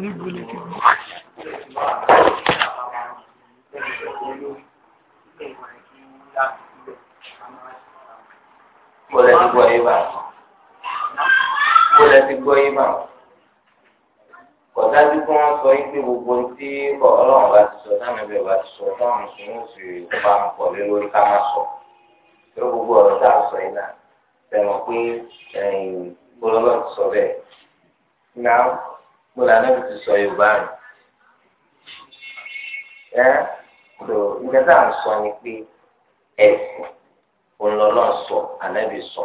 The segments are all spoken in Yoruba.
níbo lè ti gbọ́. bó lẹ ti gbọ́ yé bá bó lẹ ti gbọ́ yé bá kọ̀dájú kí wọ́n sọ yín pé gbogbo tí ọlọ́run bá ti sọ sáàmì bẹ́ẹ̀ bá ti sọ táwọn mùsùlùmí sì bá ń pọ̀ lé lórí ká má sọ pé gbogbo ọ̀rọ̀ tá a sọ yín náà tẹ̀wọ̀n pé bọ́lọ́lọ́ ti sọ bẹ́ẹ̀ náà mo là náà ti sọ yorùbá rẹ ẹ tó ìgbà tá à ń sọ ni pé ẹsìn ònlọlọsọ ànábì sọ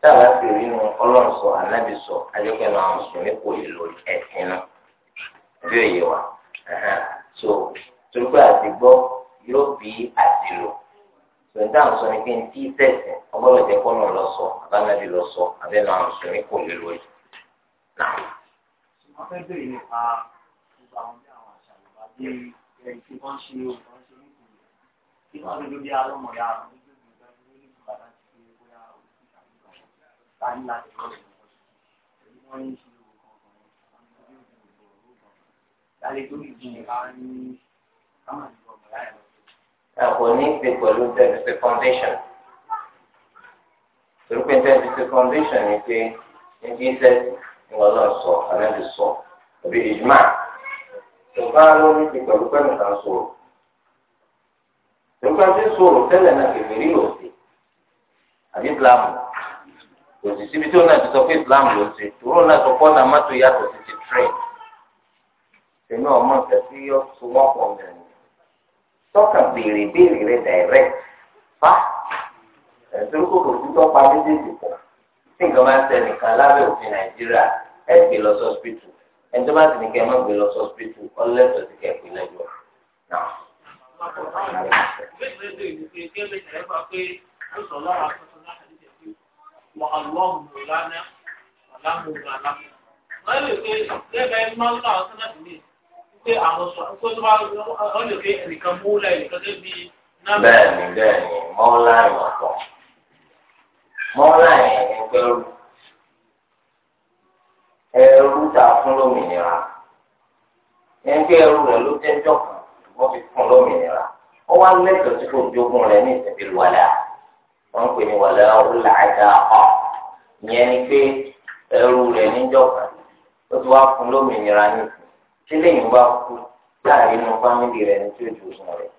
tá a bá ti rí nu ọlọ́sọ ànábì sọ ajẹ́pẹ́ máa ń sùn ní kò lè lórí ẹsìn náà bí òye wa so torípé àti gbọ́ yóò bí àti lò tòun dáhùn sọ ni pé ní tí sẹ́sìn ọgbọ́dọ̀ jẹ́ kọ́ náà lọ sọ àbánábì lọ sọ àbẹ́nà àrùn sùn ní kò lè lórí wọ́n fẹ́ bèrè nípa gbogbo àwọn bí àwọn àṣà Yorùbá bí ẹni tí wọ́n ṣe wọ́n ṣe ní ìpìlẹ̀ kí wọ́n lójú bí alọ́mọ̀ya àwọn ojú ìgbìmọ̀ ìgbà tó ní ìgbà láti fi bóyá ojú ìgbà ìgbà ta ní láti lọ́ọ̀rọ̀ èyí wọ́n ń ṣe lálẹ́ tó ìdí ìhà ní kámà ní ọ̀gbọ̀n láyà lọ. ẹ kò ní í ṣe pẹ̀lú tẹ̀sí ṣe foundation torí pé tẹ̀sí ṣe foundation ni wọn náà sọ ànábì sọ tàbí ìjùmọ̀ tòbá ló ní ti pẹ̀lú pẹ̀lú kan sọ̀rọ̀ tòbá ti sọ̀rọ̀ tẹ́lẹ̀ náà kẹfìrí ló ti àbí bíláàmù kò sì síbi tí ó náà ti sọ pé bíláàmù ló ti tòró náà sọ pé ọ̀nà mọ́tò yàtọ̀ sí ti tírẹ̀ tẹ̀mí ọmọ nǹkan tí yọ tó wọ́n pọ̀ mẹ́rin tọ́ka béèrè béèrè rẹ̀ dàrẹ́t fa ẹ̀dúró kò tó tọ́pa méjèèjì pọ̀ tí nǹkan bá ń ṣe nìkan lábẹ́ òfin nàìjíríà ẹ gbé lọ sọ́spítù ẹni tó bá sì ní kẹ́ ẹ má gbé lọ sọ́spítù ọlẹ́tọ̀ sí kẹ́ ẹ pé lẹ́jọ́ náà. bẹ́ẹ̀ni bẹ́ẹ̀ni mọ́lá ìwọ̀n kan mọ́ra yẹn ní gbẹ́rù ẹrú ta fún lómìnira ẹgbẹ́ ẹrú rẹ̀ ló jẹ́ jọ̀kan wọ́n fi fún lómìnira ó wá lẹ́tọ̀ọ́ tí kò jogún rẹ̀ ní ìsẹ̀bí wàlá wọ́n pè ní wàlá ọ̀làdà ọ̀ ìyẹn ni pé ẹrú rẹ̀ ní jọ̀kan ó ti wá fún lómìnira ní ìsìn tí lẹ́yìn bá kú láàrin inú fámìlì rẹ̀ ní tí ó jogún rẹ̀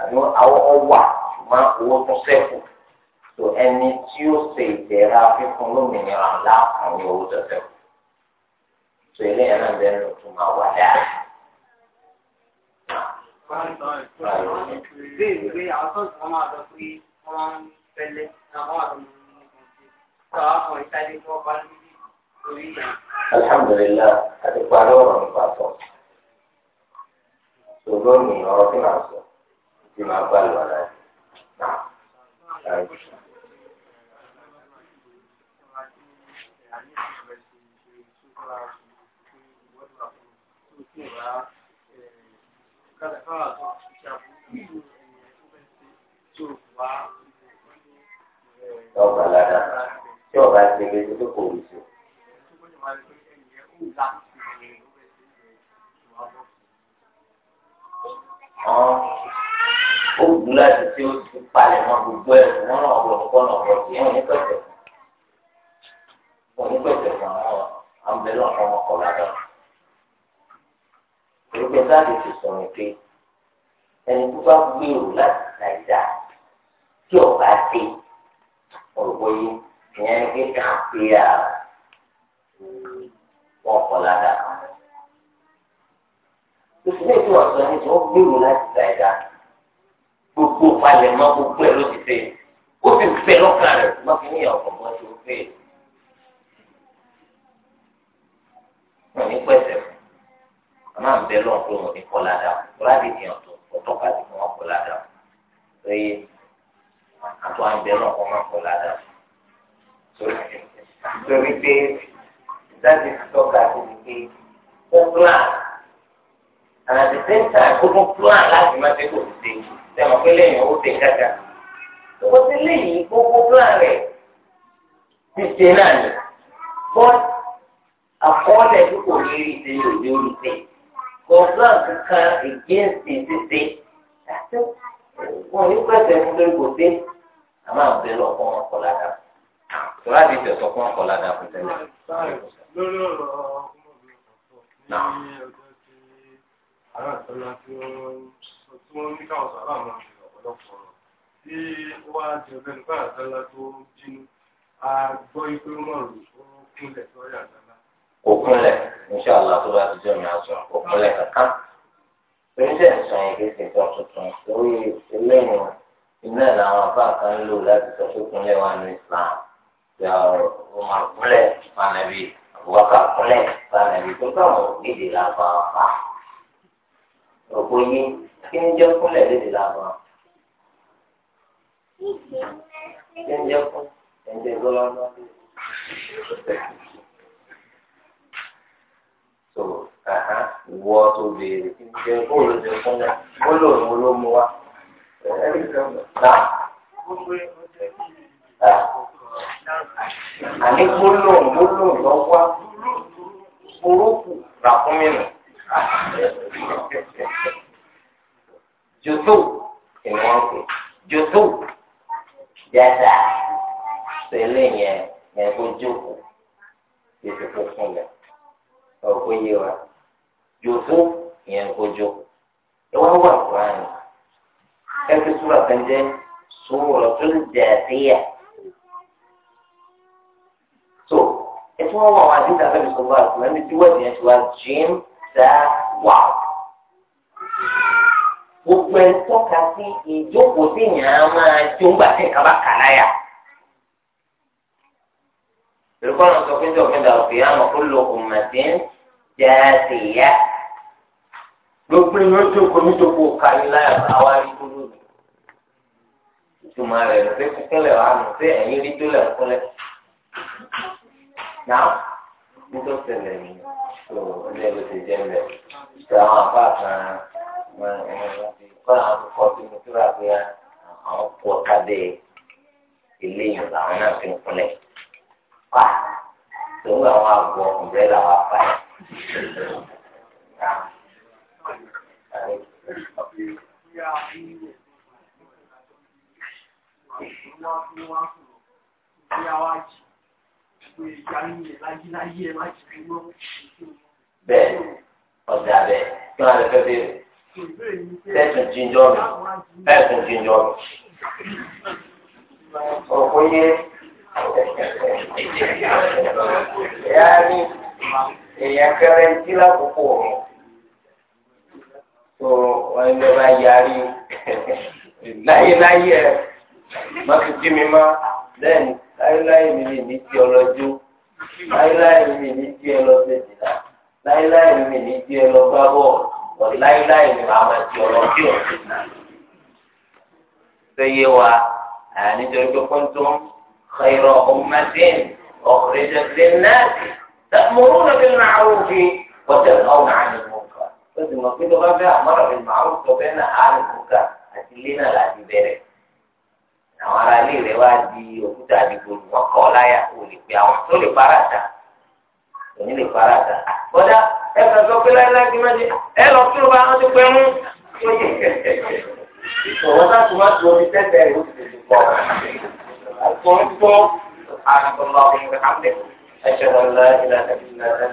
àbí àwọn ọwà ṣùgbọ́n owó tún sẹ́kù tó ẹni tí ó ṣe ìdẹ̀ra fífún lómìnira láàkàn ní owó tọ̀tọ̀ tó ilé yẹn náà bẹ́ẹ̀ ló máa wà dáa. Alhamdulillah, àti parí ọ̀rọ̀ nípa sọ. Ṣòro mi ọ̀rọ̀ tí màá sọ, tí màá bá lọ náà. Thank ọba lada tí ọba gbẹgbẹ tó kò wù sí. ó gbú láti tí ó ti palẹ̀ mọ́ gbogbo ẹ̀ wọ́n náà wọ̀ ọ̀pọ̀ náà wọ̀ sí ẹ̀wọ̀n nípẹ̀tẹ̀ wọ́n nípẹ̀tẹ̀ fún àwọn àwọn bẹ̀rẹ̀ ọ̀pọ̀ ọmọkọ̀ ládàá pé sáàbì ti sọ̀rọ̀ pé ẹni tó bá gbèrò láti ṣàìdá tí ọba dé ọ̀rọ̀ yìí ìyẹn ní kí kàn pé à wọ́n kọ́ ládàá kan. oṣù lè tí wọ́n sọ ní tí wọ́n gbèrò láti ṣàìdá gbogbo palẹ̀mọ́ gbogbo ẹ̀ ló ti fẹ́ ó sì fẹ́ lọ́kàn rẹ̀ má fi níyàwó kọ̀ọ̀kan tó fẹ́. wọ́n ní pẹ̀sẹ̀ fún àmọ́ àbẹ lọ pé wọn ní kọlá dà kọlá dì ní ọ̀tọ̀ ọ̀tọ̀ ká dì wọn kọlá dà lóye àtọ àbẹ lọ kọ wọn kọlá dà torí pé láti tọ́ka sí ni pé ó plan and at the same time ó tún plan láti má ṣe kò sí sẹ́wọ̀n pé lẹ́yìn ó ṣe kájà ó ti léyìn gbogbo plan rẹ̀ ti ṣe náà ni but àkọọ́lẹ̀ tí kò ní rí ṣe yóò kọ̀ọ̀kan kankan ìgbésìn ṣíṣe àti wọn yóò pẹ̀sẹ̀ fún lórí kò sí a àwọn bẹ́ẹ̀ lọ́kọ́ wọn kọ̀ ládà tọ́lá ti tẹ̀ sọ fún ọkọ̀ ládà fún tẹ́lẹ̀. lórí ọ̀rọ̀ ọmọbìnrin kan ní ọjọ́ tí ará ìtọ́lá tí wọ́n tí wọ́n ní káwọn sàrà máa ń ọ̀pọ̀lọpọ̀ tí wọ́n á jẹ ọ̀gbẹ́ni bá àtàlá tó bínú a gbọ́ ipé ó kúnlẹ̀ sọ́yà àtàlá kò kúnlẹ̀ níṣẹ́ àlá tó bá ti jẹ́ mi àṣọ kò kúnlẹ̀ kankan. oníṣẹ́ ìsàn yìí kìí ṣe tán tuntun orí eléyìn iná làwọn afá kan lò láti sọ pé kúnlẹ̀ wà ní Islam ya ọmọ kúnlẹ̀ fanabi àbúkà kúnlẹ̀ fanabi tó káwọn ògidì làbà fà. òpó yín kí ni jẹ́ kúnlẹ̀ lédè làbà? kí ni jẹ́ kúnlẹ̀? ẹ̀ ń ìwọ tó béèrè ìjẹ bóòlù ti fún mi bóòlù òun ló mú wa. àní gbólò gbólò lọ́wọ́ burúkú là fún mi nù. jòdò ìwọ̀n kò jòdò dada tẹ̀lé yẹn yẹn kó jókòó ètò fún mi. ọ̀pọ̀ yé wa yòókù ìyẹn kojú ẹ wá wà kúránì ẹ fi súra kan jẹ súra tó ń jẹ àtẹyà tó ẹ tí wọn wà wá dídá fẹẹ fi sọgbà àkùrẹ ní tí wẹẹdì yẹn ti wá jìm dá wà gbogbo ẹ tọ́ka sí ìjókòó tí yàn á máa jó ńgbà tí nǹkan bá kà láyà. Ìrúkọ́ náà sọ pé ń jọ̀gbìn dàrú kìí àmọ̀ kó lo òmùmọ̀ sí ń jẹ́ lópin yóò jókòó níjókòó kárí láyà àwa rí dúró rẹ̀ ìtumọ̀ rẹ̀ ló fẹ́ kíkẹ́lẹ̀ wà nù pé ẹ̀yìn rí dúró rẹ̀ kúnlẹ̀ náà nítorí ṣẹlẹ̀ yìí tó ilé ló ti jẹ́ ńlẹ̀ tó àwọn àbá kan kọ́ àwọn akókò tó ní tó rà pé àwọn kú ọ̀ká dé eléyìí làwọn náà fi ń kúnlẹ̀ wá tó ń gbà wọn àgọ́ ọ̀bẹ làwọn apá yẹn bẹ́ẹ̀ ọjà bẹ́ẹ̀ kí wọn lè fẹ́ bẹ́ẹ̀ tẹsùn jíjọ mi tẹsùn jíjọ mi òkúnyé ẹyà ni èèyàn kẹrẹ ń jí lákòókò ọ̀hún tó wọn ilé bá yarí láyéláyé ẹ má fi jí mi má lẹ́yìn láyéláyé mi lè ní tí ọlọ́jú láyéláyé mi lè ní tí ọlọ́sẹ̀ jìnnà láyéláyé mi lè ní tí ọlọ́gbá bọ̀ wọ́n láyéláyé mi máa ma tí ọlọ́jú ọ̀sẹ̀ náà. wa nítorí pé kọ́ńtún khayra ummatin ukhrijat lin-nas ta'muruna bil-ma'ruf nígbà bá fẹ́ àmọ́ràn rẹ̀ máa ń sọ bẹ́ẹ̀ náà àárín kúkà àti ilé náà láti bẹ̀rẹ̀ àwọn ará ilé rẹ̀ wá di òkúta àdìgbò wọn kọ́ láyà kó lè pe àwọn tó lè paradà òní lè paradà kọjá ẹ kàn sọ pé láyé láti má ṣe ẹ lọ kí ló bá wọn pẹ́ mú ìṣòwò náà tó má omi tẹ́tẹ́ rẹ̀ ó ti tètè pọ̀ àtúntò àtúntò àwọn ọmọ ọmọ ìgbà hàn